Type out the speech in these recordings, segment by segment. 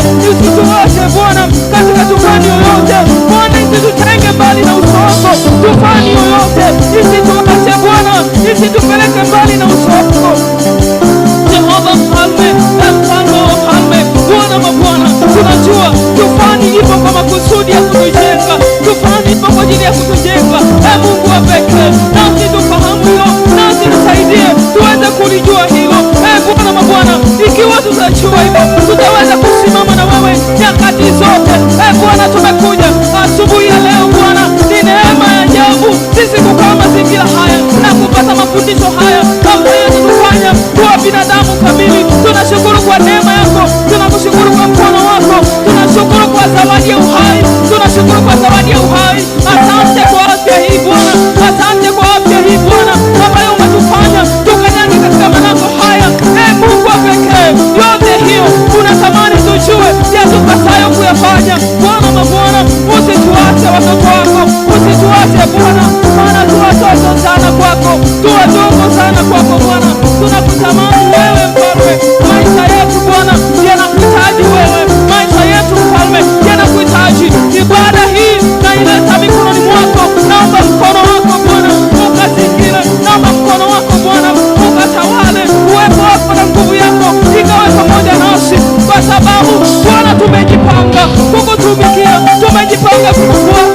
yoyote, usituache Bwana katika tufani yoyote. Bwana isitutenge mbali na uso wako, tufani yoyote isituache Bwana, isitupeleke mbali na uso wako. Jehova mfalme na mfalme wa falme, Bwana mabwana, tunajua tufani ipo kwa makusudi ya kutujenga, tufani ipo kwa ajili ya kutujenga. E Mungu wa pekee, nasi tufahamu hilo, nasi tusaidie tuweze kulijua hilo. E Bwana mabwana, ikiwa tutajua উদিত হয় tumejipanga tumejipanga kukua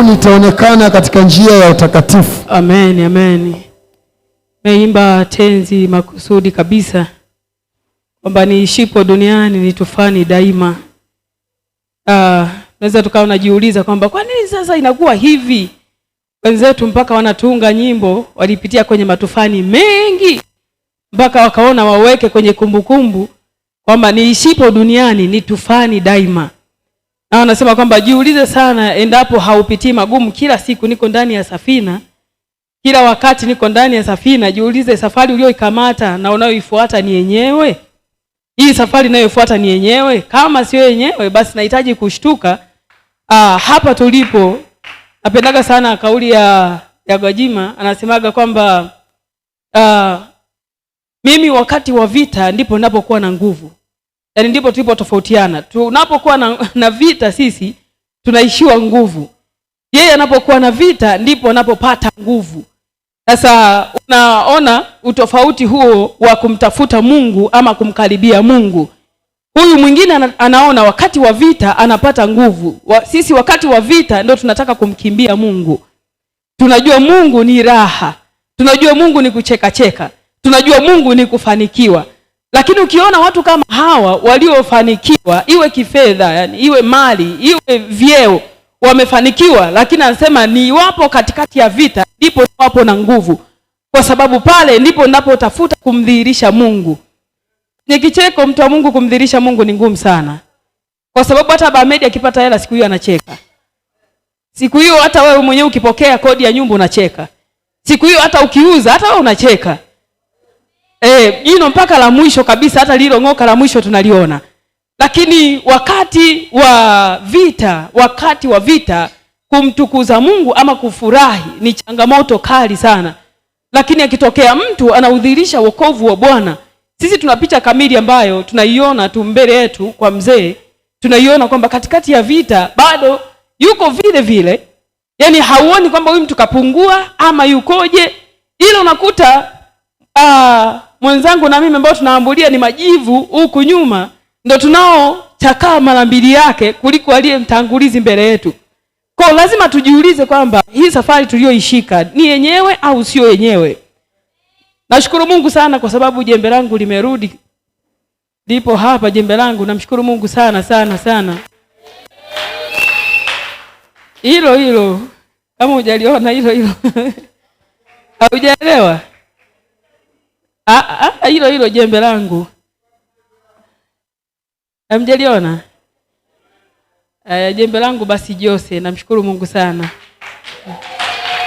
langu litaonekana katika njia ya utakatifu. Amen, amen. Meimba tenzi makusudi kabisa kwamba niishipo duniani ni tufani daima. Ah, naweza tukawa najiuliza kwamba kwa nini sasa inakuwa hivi? Wenzetu mpaka wanatunga nyimbo walipitia kwenye matufani mengi mpaka wakaona waweke kwenye kumbukumbu kwamba niishipo duniani ni tufani daima na anasema kwamba jiulize sana endapo haupitii magumu kila siku. Niko ndani ya safina, kila wakati niko ndani ya safina. Jiulize, safari uliyoikamata na unayoifuata ni yenyewe? Hii safari inayofuata ni yenyewe? Kama sio yenyewe, basi nahitaji kushtuka. Aa, ah, hapa tulipo, napendaga sana kauli ya ya Gwajima, anasemaga kwamba ah, mimi wakati wa vita ndipo ninapokuwa na nguvu yaani ndipo tulipotofautiana. Tunapokuwa na, na vita sisi tunaishiwa nguvu, yeye anapokuwa na vita ndipo anapopata nguvu. Sasa unaona utofauti huo wa kumtafuta Mungu ama kumkaribia Mungu. Huyu mwingine anaona wakati wa vita anapata nguvu wa, sisi wakati wa vita ndio tunataka kumkimbia Mungu. Tunajua Mungu ni raha, tunajua Mungu ni kuchekacheka, tunajua Mungu ni kufanikiwa. Lakini ukiona watu kama hawa waliofanikiwa, iwe kifedha, yani iwe mali, iwe vyeo, wamefanikiwa, lakini anasema ni wapo katikati ya vita ndipo wapo na nguvu, kwa sababu pale ndipo ninapotafuta kumdhihirisha Mungu. Ni kicheko, mtu wa Mungu kumdhihirisha Mungu ni ngumu sana, kwa sababu hata Bahamedi akipata hela siku hiyo anacheka. Siku hiyo hata wewe mwenyewe ukipokea kodi ya nyumba unacheka. Siku hiyo hata ukiuza, hata wewe unacheka eh, jino mpaka la mwisho kabisa, hata lililong'oka la mwisho tunaliona. Lakini wakati wa vita, wakati wa vita kumtukuza Mungu ama kufurahi ni changamoto kali sana, lakini akitokea mtu anaudhirisha wokovu wa Bwana, sisi tuna picha kamili ambayo tunaiona tu mbele yetu kwa mzee, tunaiona kwamba katikati ya vita bado yuko vile vile, yaani hauoni kwamba huyu mtu kapungua ama yukoje, ila unakuta uh, ah, mwenzangu na mimi ambao tunaambulia ni majivu huku nyuma, ndo tunaochakaa mara mbili yake kuliko aliye mtangulizi mbele yetu. Kwa lazima tujiulize kwamba hii safari tuliyoishika ni yenyewe au sio yenyewe. Nashukuru Mungu sana kwa sababu jembe langu limerudi, lipo hapa jembe langu. Namshukuru Mungu sana sana sana. Hilo hilo kama hujaliona hilo hilo haujaelewa. Ah, ah, ah, hilo hilo jembe langu amjaliona uh, eh, jembe langu basi Jose, namshukuru Mungu sana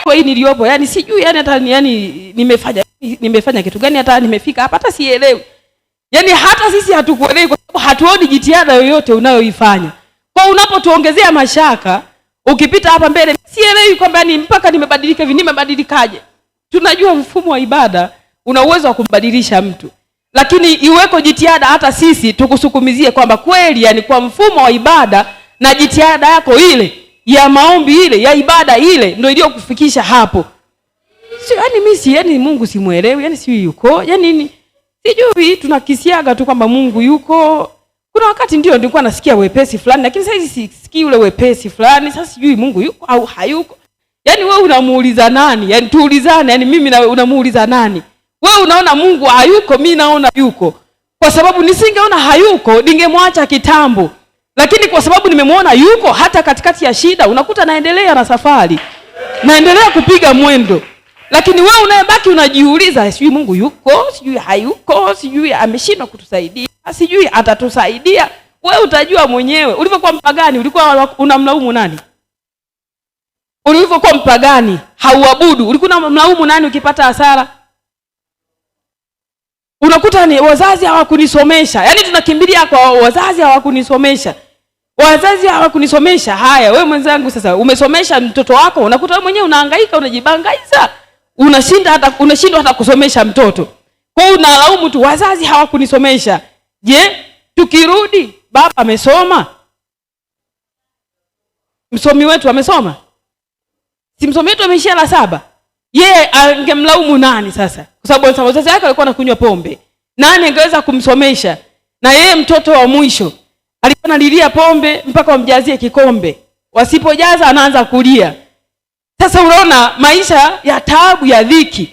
kwa hii niliyopo, yani sijui yani hata yani nimefanya nimefanya kitu gani, hata nimefika hapa hata sielewi. Yani hata sisi hatukuelewi, kwa sababu hatuoni jitihada yoyote unayoifanya. Kwa unapotuongezea mashaka, ukipita hapa mbele, sielewi kwamba ni mpaka nimebadilika hivi, nimebadilikaje? Tunajua mfumo wa ibada una uwezo wa kumbadilisha mtu, lakini iweko jitihada hata sisi tukusukumizie kwamba kweli, yani kwa mfumo wa ibada na jitihada yako ile ya maombi ile ya ibada ile ndio iliyokufikisha hapo. Sio yani mimi si yani Mungu simuelewi, yani si yuko yani ni sijui tunakisiaga tu kwamba Mungu yuko. Kuna wakati ndio nilikuwa nasikia wepesi fulani, lakini sasa hizi sikii ule wepesi fulani. Sasa sijui Mungu yuko au hayuko. Yani wewe unamuuliza nani? Yani tuulizane, yani mimi na unamuuliza nani? Wewe unaona Mungu hayuko, mi naona yuko, kwa sababu nisingeona hayuko ningemwacha kitambo, lakini kwa sababu nimemwona yuko, hata katikati ya shida unakuta naendelea na safari, naendelea kupiga mwendo. Lakini wewe unayebaki unajiuliza, sijui Mungu yuko, sijui hayuko, sijui ameshindwa kutusaidia, sijui atatusaidia. Wewe utajua mwenyewe. Ulivyokuwa mpagani, ulikuwa unamlaumu nani? Ulivyokuwa mpagani hauabudu, ulikuwa unamlaumu nani ukipata hasara? Unakuta ni wazazi hawakunisomesha, yaani tunakimbilia kwa wazazi hawakunisomesha, wazazi hawakunisomesha. Haya, wewe mwenzangu, sasa umesomesha mtoto wako, unakuta wewe mwenyewe unahangaika, unajibangaiza, unashinda hata unashindwa hata kusomesha mtoto. Kwa hiyo unalaumu tu, wazazi hawakunisomesha. Je, tukirudi baba amesoma? Msomi wetu amesoma? Si msomi wetu ameishia la saba, yeye angemlaumu nani sasa? kwa sababu wazazi wake walikuwa wanakunywa pombe. Nani angeweza kumsomesha? Na yeye mtoto wa mwisho alikuwa analilia pombe mpaka wamjazie kikombe, wasipojaza anaanza kulia. Sasa unaona maisha ya taabu, ya dhiki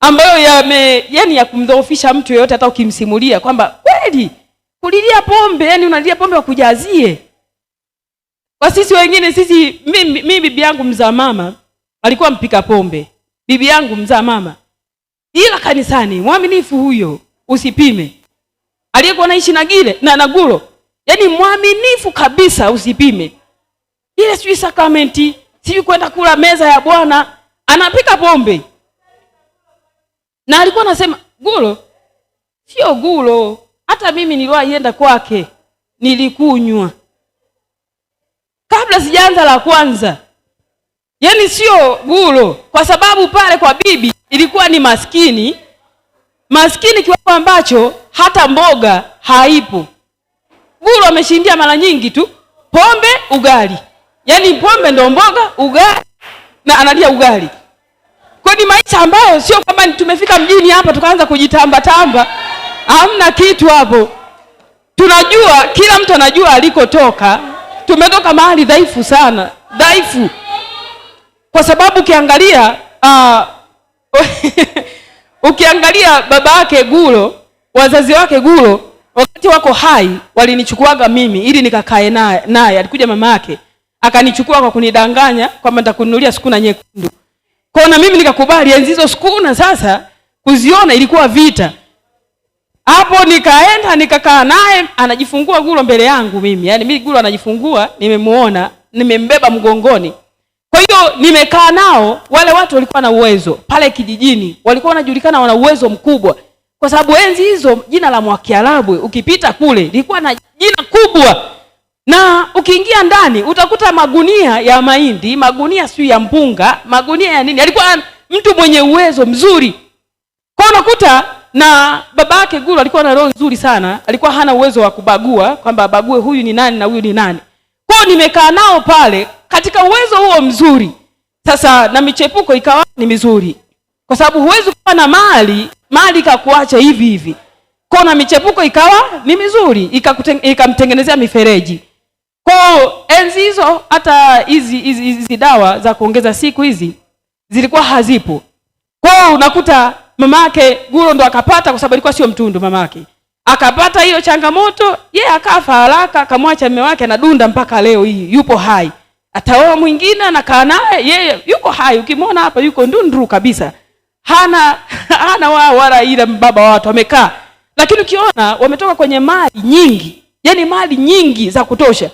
ambayo yame yani ya kumdhoofisha mtu yeyote, hata ukimsimulia kwamba kweli kulilia pombe, yani unalilia pombe wakujazie. Kwa sisi wengine sisi, mimi bibi yangu mzaa mama alikuwa mpika pombe, bibi yangu mzaa mama ila kanisani mwaminifu huyo usipime, aliyekuwa naishi na gile na nagulo, yaani mwaminifu kabisa usipime. Ile sijui sakramenti, sijui kwenda kula meza ya Bwana, anapika pombe na alikuwa anasema gulo sio gulo. Hata mimi niliwaienda kwake nilikunywa kabla sijaanza la kwanza, yaani sio gulo, kwa sababu pale kwa bibi ilikuwa ni maskini, maskini kiwango ambacho hata mboga haipo. Gulu ameshindia mara nyingi tu, pombe, ugali, yaani pombe ndo mboga, ugali na analia ugali. Kwa ni maisha ambayo sio kwamba tumefika mjini hapa tukaanza kujitamba tamba, hamna kitu hapo. Tunajua kila mtu anajua alikotoka. Tumetoka mahali dhaifu sana, dhaifu kwa sababu ukiangalia uh, Ukiangalia baba yake Gulo, wazazi wake Gulo wakati wako hai walinichukuaga mimi ili nikakae naye. Naye alikuja mama yake akanichukua kwa kunidanganya kwamba nitakununulia sukuna nyekundu. Kwa na mimi nikakubali enzi hizo sukuna sasa kuziona ilikuwa vita. Hapo nikaenda nikakaa naye anajifungua Gulo mbele yangu mimi. Yaani mimi Gulo anajifungua nimemuona, nimembeba mgongoni nimekaa nao, wale watu walikuwa na uwezo pale kijijini, walikuwa wanajulikana, wana uwezo mkubwa, kwa sababu enzi hizo jina la Mwakiarabu ukipita kule lilikuwa na jina kubwa, na ukiingia ndani utakuta magunia ya mahindi, magunia sio ya mpunga, magunia ya nini. Alikuwa mtu mwenye uwezo mzuri, kwa unakuta na baba yake Gulu alikuwa na roho nzuri sana, alikuwa hana uwezo wa kubagua kwamba abague huyu ni nani na huyu ni nani. Kwao nimekaa nao pale katika uwezo huo mzuri sasa na michepuko ikawa ni mizuri, kwa sababu huwezi kuwa na mali mali ikakuacha hivi hivi. Kwa na michepuko ikawa ni mizuri, ikamtengenezea mifereji. Kwa enzi hizo hata hizi hizi dawa za kuongeza siku hizi zilikuwa hazipo. Kwa unakuta mamake Guro ndo akapata, kwa sababu alikuwa sio mtundu mamake akapata hiyo changamoto ye, yeah, akafa haraka, akamwacha mume wake anadunda mpaka leo hii, yupo hai ataoa mwingine anakaa naye yeye, yuko hai. Ukimwona hapa yuko ndundru kabisa, hana hana wao wala ile baba watu amekaa, lakini ukiona wametoka kwenye mali nyingi, yaani mali nyingi za kutosha,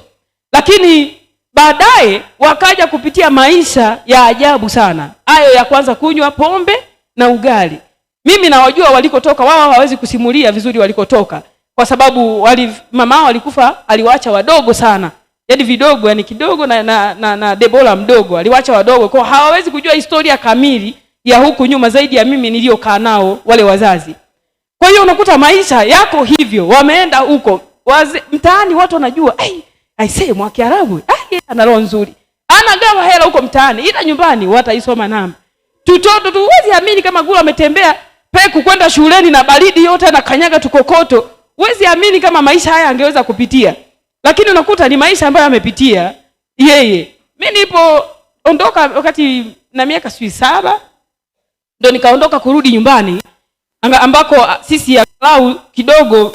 lakini baadaye wakaja kupitia maisha ya ajabu sana. Hayo ya kwanza kunywa pombe na ugali. Mimi nawajua walikotoka wao, hawawezi kusimulia vizuri walikotoka, kwa sababu wali, mama walikufa aliwaacha wadogo sana yaani vidogo yani kidogo na, na, na, na Debora mdogo aliwacha wadogo kwao, hawawezi kujua historia kamili ya huku nyuma zaidi ya mimi niliyokaa nao wale wazazi. Kwa hiyo unakuta maisha yako hivyo, wameenda huko mtaani, watu wanajua hey, aisee mwa Kiarabu hey, ana roho nzuri, anagawa hela huko mtaani, ila nyumbani wataisoma namba tutoto tu. Huwezi amini kama Gula ametembea peku kwenda shuleni na baridi yote na kanyaga tukokoto, huwezi amini kama maisha haya angeweza kupitia lakini unakuta ni maisha ambayo amepitia yeye. Mi nipo ondoka wakati na miaka sijui saba ndo nikaondoka kurudi nyumbani ambako ah, sisi angalau kidogo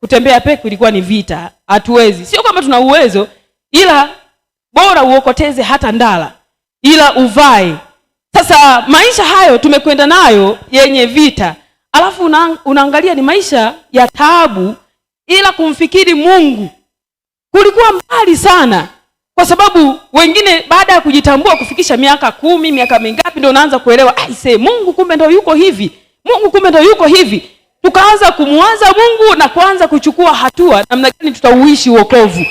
kutembea peku ilikuwa ni vita. Hatuwezi, sio kwamba tuna uwezo, ila bora uokoteze hata ndala, ila uvae. Sasa maisha hayo tumekwenda nayo yenye vita, alafu unaangalia ni maisha ya taabu, ila kumfikiri Mungu kulikuwa mbali sana, kwa sababu wengine baada ya kujitambua kufikisha miaka kumi, miaka mingapi, ndio unaanza kuelewa aise, Mungu kumbe ndio yuko hivi, Mungu kumbe ndio yuko hivi. Tukaanza kumwaza Mungu na kuanza kuchukua hatua namna gani tutauishi uokovu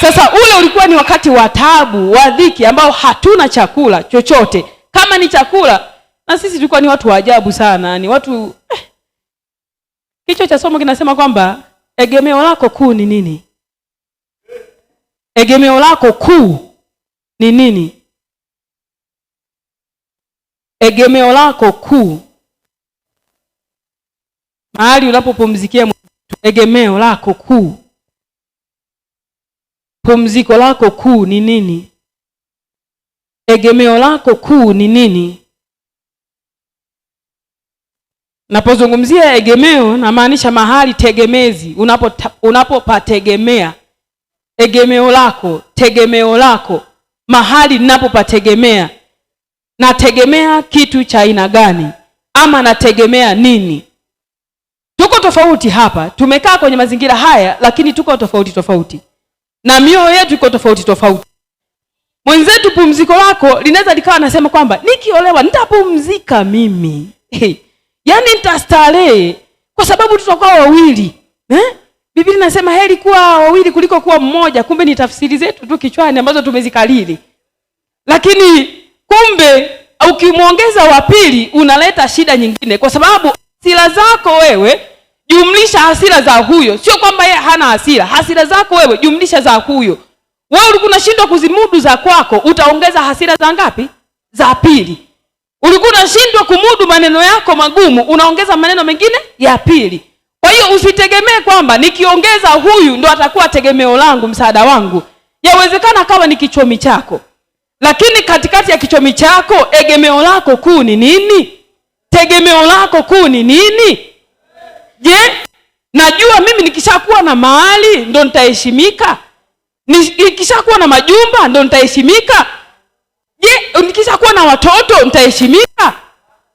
Sasa ule ulikuwa ni wakati wa taabu, wa dhiki, ambao hatuna chakula chochote. Kama ni chakula, na sisi tulikuwa ni watu wa ajabu sana, ni watu eh. Kichwa cha somo kinasema kwamba Egemeo lako kuu ni nini? Egemeo lako kuu ni nini? Egemeo lako kuu, mahali unapopumzikia, egemeo lako kuu, pumziko lako kuu ni nini? Egemeo lako kuu ni nini? Napozungumzia egemeo namaanisha mahali tegemezi unapopategemea, unapo egemeo lako, tegemeo lako, mahali ninapopategemea. Nategemea kitu cha aina gani, ama nategemea nini? Tuko tofauti hapa, tumekaa kwenye mazingira haya, lakini tuko tofauti tofauti na mioyo yetu iko tofauti tofauti. Mwenzetu pumziko lako linaweza likawa, nasema kwamba nikiolewa nitapumzika mimi hey yaani nitastarehe kwa sababu tutakuwa wawili eh? Biblia inasema heri kuwa wawili kuliko kuwa mmoja. Kumbe ni tafsiri zetu tu kichwani ambazo tumezikalili lakini kumbe ukimwongeza wa pili unaleta shida nyingine, kwa sababu hasira zako wewe jumlisha hasira za huyo. Sio kwamba yeye hana hasira, hasira zako wewe jumlisha za huyo. Wewe ulikuwa unashindwa kuzimudu za kwako, utaongeza hasira za ngapi? Za pili. Ulikuwa unashindwa kumudu maneno yako magumu, unaongeza maneno mengine ya pili. Kwa hiyo usitegemee kwamba nikiongeza huyu ndo atakuwa tegemeo langu, msaada wangu. Yawezekana akawa ni kichomi chako, lakini katikati ya kichomi chako egemeo lako kuu ni nini? Tegemeo lako kuu ni nini? Je, najua mimi nikishakuwa na mahali ndo nitaheshimika? Nikishakuwa na majumba ndo nitaheshimika? Je, nikisha kuwa na watoto nitaheshimika?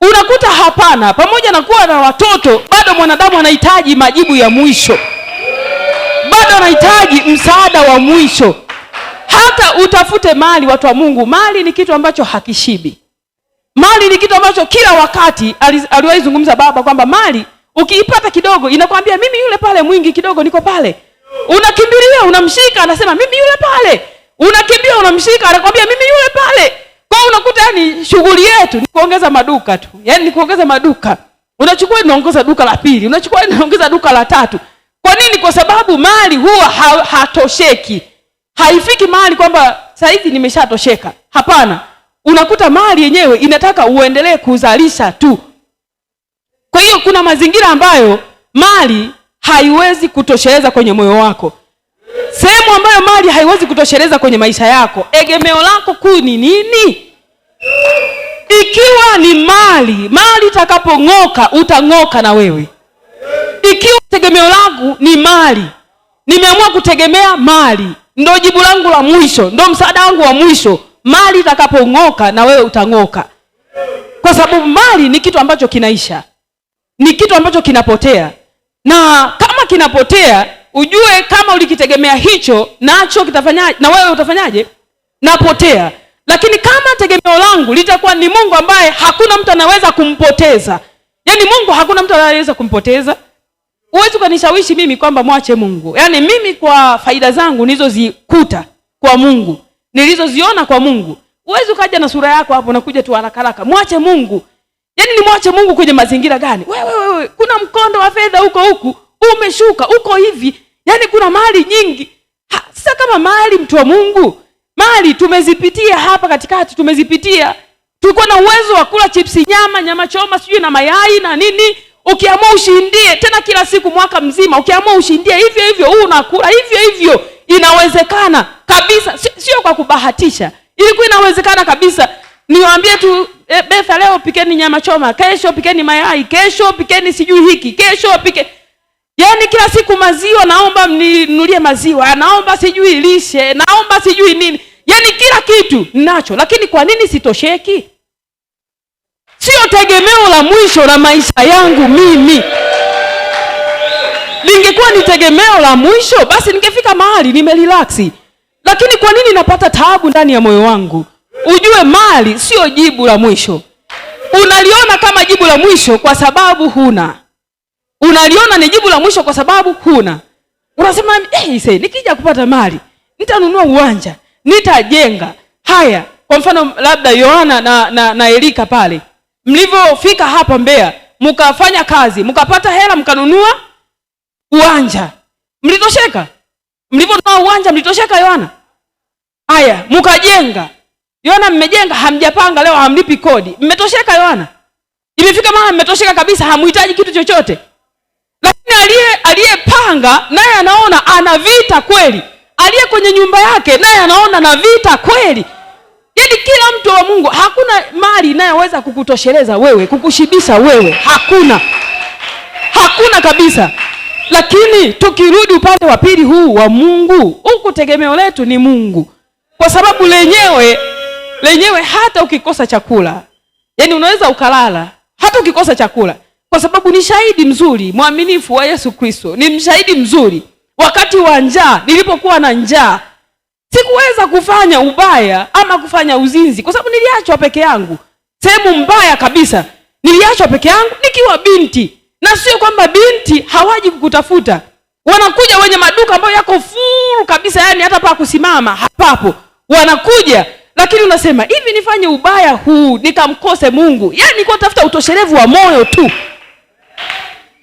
Unakuta hapana. Pamoja na kuwa na watoto, bado mwanadamu anahitaji majibu ya mwisho, bado anahitaji msaada wa mwisho. Hata utafute mali, watu wa Mungu, mali ni kitu ambacho hakishibi. Mali ni kitu ambacho kila wakati aliwahi zungumza baba kwamba mali ukiipata kidogo inakwambia mimi yule pale, mwingi kidogo niko pale, unakimbilia unamshika, anasema mimi yule pale Unakimbia unamshika, anakwambia mimi yule pale. Kwa unakuta yani shughuli yetu ni kuongeza maduka tu. yani ni kuongeza maduka. Unachukua inaongeza duka la pili, unachukua inaongeza duka la tatu. Kwa nini? Kwa sababu mali huwa ha, hatosheki. Haifiki mali kwamba saizi nimeshatosheka. Hapana. Unakuta mali yenyewe inataka uendelee kuzalisha tu. Kwa hiyo kuna mazingira ambayo mali haiwezi kutosheleza kwenye moyo wako sehemu ambayo mali haiwezi kutosheleza kwenye maisha yako, egemeo lako kuu ni nini? Ikiwa ni mali, mali itakapong'oka utang'oka na wewe. Ikiwa tegemeo langu ni mali, nimeamua kutegemea mali, ndo jibu langu la mwisho, ndo msaada wangu wa mwisho. Mali itakapong'oka na wewe utang'oka, kwa sababu mali ni kitu ambacho kinaisha, ni kitu ambacho kinapotea, na kama kinapotea ujue kama ulikitegemea hicho nacho kitafanya, na wewe utafanyaje? Napotea. Lakini kama tegemeo langu litakuwa ni Mungu ambaye hakuna mtu anaweza kumpoteza, yaani Mungu hakuna mtu anaweza kumpoteza. Huwezi ukanishawishi mimi kwamba mwache Mungu. Yaani mimi kwa faida zangu nilizozikuta kwa Mungu, nilizoziona kwa Mungu, huwezi ukaja na sura yako hapo nakuja tu haraka mwache Mungu. Yaani nimwache Mungu kwenye mazingira gani? Wewe wewe, kuna mkondo wa fedha huko huku umeshuka uko hivi, yaani kuna mali nyingi. Sasa kama mali, mtu wa Mungu, mali tumezipitia hapa katikati, tumezipitia tulikuwa na uwezo wa kula chipsi, nyama, nyama choma, sijui na mayai na nini. Ukiamua ushindie tena kila siku, mwaka mzima, ukiamua ushindie hivyo hivyo, huu unakula hivyo hivyo. Inawezekana kabisa, sio kwa kubahatisha, ilikuwa inawezekana kabisa. Niwaambie tu e, Betha, leo pikeni nyama choma, kesho pikeni mayai, kesho pikeni sijui hiki, kesho pikeni yaani kila siku maziwa, naomba mninulie maziwa, naomba sijui lishe, naomba sijui nini, yaani kila kitu ninacho. Lakini kwa nini sitosheki? Sio tegemeo la mwisho la maisha yangu mimi. Lingekuwa ni tegemeo la mwisho, basi ningefika mahali nimerilaksi Lakini kwa nini napata taabu ndani ya moyo wangu? Ujue mali sio jibu la mwisho. Unaliona kama jibu la mwisho kwa sababu huna unaliona ni jibu la mwisho kwa sababu huna. Unasema hey, eh, nikija kupata mali nitanunua uwanja, nitajenga haya. Kwa mfano labda Yohana na, na, na Elika pale mlivyofika hapa Mbeya mkafanya kazi mkapata hela mkanunua uwanja, mlitosheka? Mlivyonunua uwanja mlitosheka Yohana? Haya, mkajenga Yohana, mmejenga hamjapanga, leo hamlipi kodi, mmetosheka Yohana? Imefika mahala mmetosheka kabisa, hamhitaji kitu chochote lakini aliye aliyepanga naye anaona ana vita kweli, aliye kwenye nyumba yake naye anaona na vita kweli. Yaani kila mtu wa Mungu, hakuna mali inayoweza kukutosheleza wewe, kukushibisha wewe, hakuna, hakuna kabisa. Lakini tukirudi upande wa pili huu wa Mungu, huku tegemeo letu ni Mungu, kwa sababu lenyewe lenyewe hata ukikosa chakula, yaani unaweza ukalala hata ukikosa chakula kwa sababu ni shahidi mzuri mwaminifu wa Yesu Kristo, ni mshahidi mzuri. Wakati wa njaa, nilipokuwa na njaa, sikuweza kufanya ubaya ama kufanya uzinzi, kwa sababu niliachwa peke yangu sehemu mbaya kabisa. Niliachwa peke yangu nikiwa binti, na sio kwamba binti hawaji kukutafuta, wanakuja wenye maduka ambayo yako furu kabisa, yani hata pa kusimama hapapo, wanakuja lakini unasema hivi, nifanye ubaya huu nikamkose Mungu? Yani nikuwa tafuta utosherevu wa moyo tu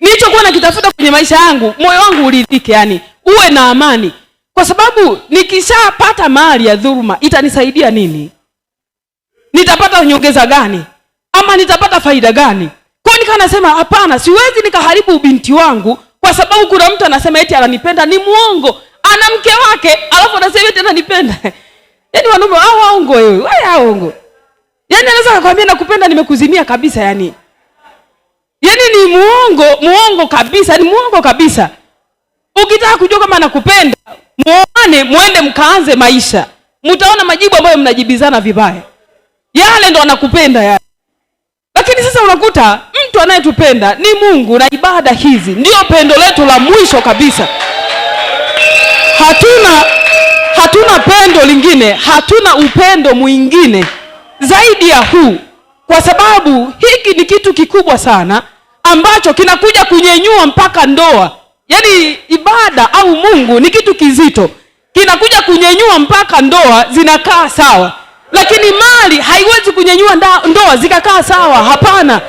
nilichokuwa nakitafuta kwenye maisha yangu, moyo wangu uridhike, yani uwe na amani, kwa sababu nikishapata mali ya dhuluma itanisaidia nini? Nitapata nyongeza gani? Ama nitapata faida gani? Kwa hiyo nikawa nasema hapana, siwezi nikaharibu ubinti wangu kwa sababu kuna mtu anasema eti ananipenda. Ni muongo, ana mke wake alafu anasema eti ananipenda. Yaani wanaume hao waongo, wewe wewe, hao waongo. Yaani anaweza kukwambia nakupenda, nimekuzimia kabisa yani yaani ni muongo, muongo kabisa, ni muongo kabisa. Ukitaka kujua kama anakupenda muone muende mkaanze maisha, mtaona majibu ambayo mnajibizana vibaya, yale ndo anakupenda yale. Lakini sasa unakuta mtu anayetupenda ni Mungu, na ibada hizi ndio pendo letu la mwisho kabisa. Hatuna, hatuna pendo lingine, hatuna upendo mwingine zaidi ya huu kwa sababu hiki ni kitu kikubwa sana ambacho kinakuja kunyenyua mpaka ndoa. Yaani ibada au Mungu ni kitu kizito, kinakuja kunyenyua mpaka ndoa zinakaa sawa, lakini mali haiwezi kunyenyua ndoa zikakaa sawa. Hapana,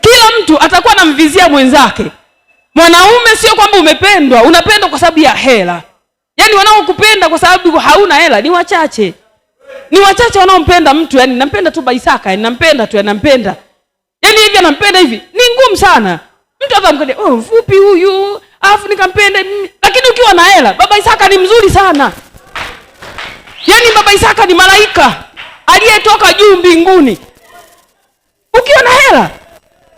kila mtu atakuwa anamvizia mwenzake. Mwanaume sio kwamba umependwa, unapendwa kwa sababu ya hela. Yaani wanaokupenda kwa sababu hauna hela ni wachache ni wachache wanaompenda mtu yani, nampenda tu Baisaka yani, nampenda tu yani, nampenda yani hivi anampenda hivi, ni ngumu sana mtu akamkalia, oh mfupi huyu afu nikampenda. Lakini ukiwa na hela, baba Isaka ni mzuri sana yani, baba Isaka ni malaika aliyetoka juu mbinguni. Ukiwa na hela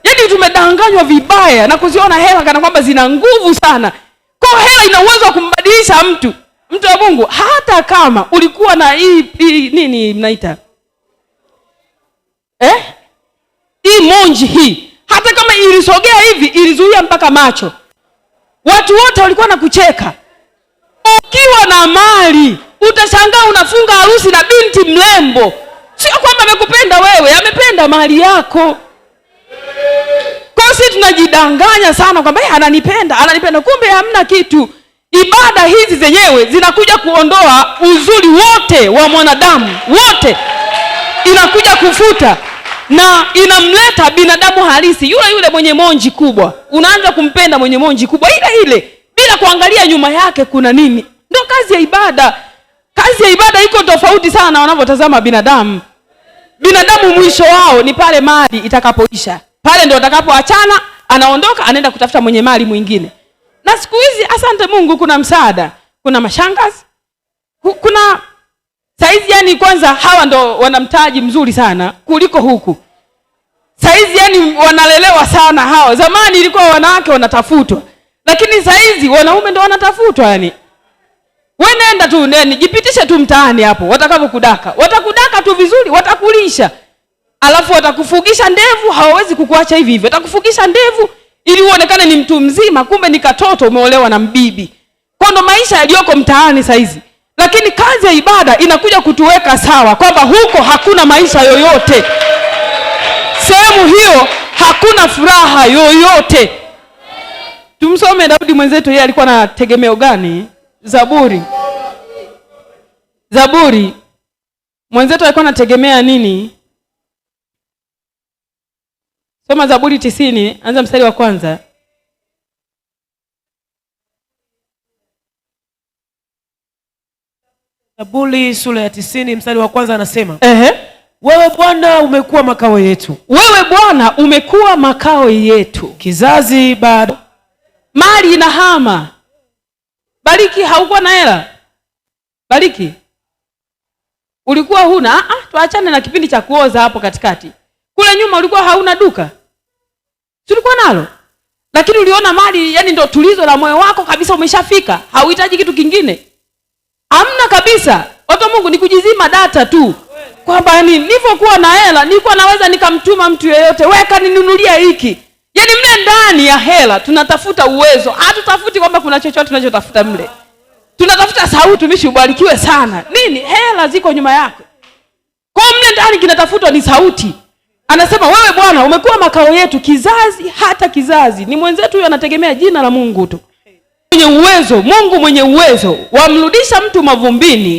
yani, tumedanganywa vibaya na kuziona hela kana kwamba zina nguvu sana, kwa hela ina uwezo wa kumbadilisha mtu mtu wa Mungu, hata kama ulikuwa na hii hii nini mnaita eh, hii monji hii, hata kama ilisogea hivi, ilizuia mpaka macho, watu wote walikuwa na kucheka. Ukiwa na mali utashangaa unafunga harusi na binti mrembo. Sio kwamba amekupenda wewe, amependa mali yako. Kwa si sisi tunajidanganya sana kwamba eh, ananipenda, ananipenda, kumbe hamna kitu. Ibada hizi zenyewe zinakuja kuondoa uzuri wote wa mwanadamu wote, inakuja kufuta na inamleta binadamu halisi yule yule mwenye monji kubwa. Unaanza kumpenda mwenye monji kubwa ile ile bila kuangalia nyuma yake kuna nini. Ndio kazi ya ibada. Kazi ya ibada iko tofauti sana na wanavyotazama binadamu. Binadamu mwisho wao ni pale mali itakapoisha, pale ndio atakapoachana, anaondoka anaenda kutafuta mwenye mali mwingine na siku hizi asante Mungu kuna msaada, kuna mashangazi, kuna saizi, yani kwanza hawa ndo wanamtaji mzuri sana kuliko huku saizi, yani wanalelewa sana hawa. Zamani ilikuwa wanawake wanatafutwa, lakini saizi wanaume ndo wanatafutwa. Yani we nenda tu neni, jipitishe tu mtaani hapo, watakavyokudaka watakudaka tu vizuri, watakulisha alafu watakufugisha ndevu, hawawezi kukuacha hivi hivi, watakufugisha ndevu ili uonekane ni mtu mzima, kumbe ni katoto umeolewa na mbibi. Kwa ndo maisha yaliyoko mtaani saizi, lakini kazi ya ibada inakuja kutuweka sawa kwamba huko hakuna maisha yoyote, sehemu hiyo hakuna furaha yoyote. Tumsome Daudi mwenzetu, yeye alikuwa na tegemeo gani? Zaburi, Zaburi mwenzetu alikuwa anategemea nini? Soma Zaburi tisini, anza mstari wa kwanza. Zaburi sura ya tisini mstari wa kwanza anasema ehe, wewe Bwana umekuwa makao yetu, wewe Bwana umekuwa makao yetu kizazi bado. Mali hama bariki. Haukuwa na hela, bariki. Ulikuwa huna ah, ah, tuachane na kipindi cha kuoza hapo katikati. Kule nyuma ulikuwa hauna duka, Tulikuwa nalo. Lakini uliona mali yani ndo tulizo la moyo wako kabisa umeshafika. Hauhitaji kitu kingine. Hamna kabisa. Watu wa Mungu ni kujizima data tu. Kwamba yani nilivyokuwa na hela nilikuwa naweza nikamtuma mtu yeyote, weka ninunulia hiki. Yaani mle ndani ya hela tunatafuta uwezo. Hatutafuti kwamba kuna chochote tunachotafuta mle. Tunatafuta sauti mishi ubarikiwe sana. Nini? Hela ziko nyuma yako. Kwa mle ndani kinatafutwa ni sauti. Anasema wewe Bwana umekuwa makao yetu kizazi hata kizazi. Ni mwenzetu huyo, anategemea jina la Mungu tu. Mwenye uwezo, Mungu mwenye uwezo wamrudisha mtu mavumbini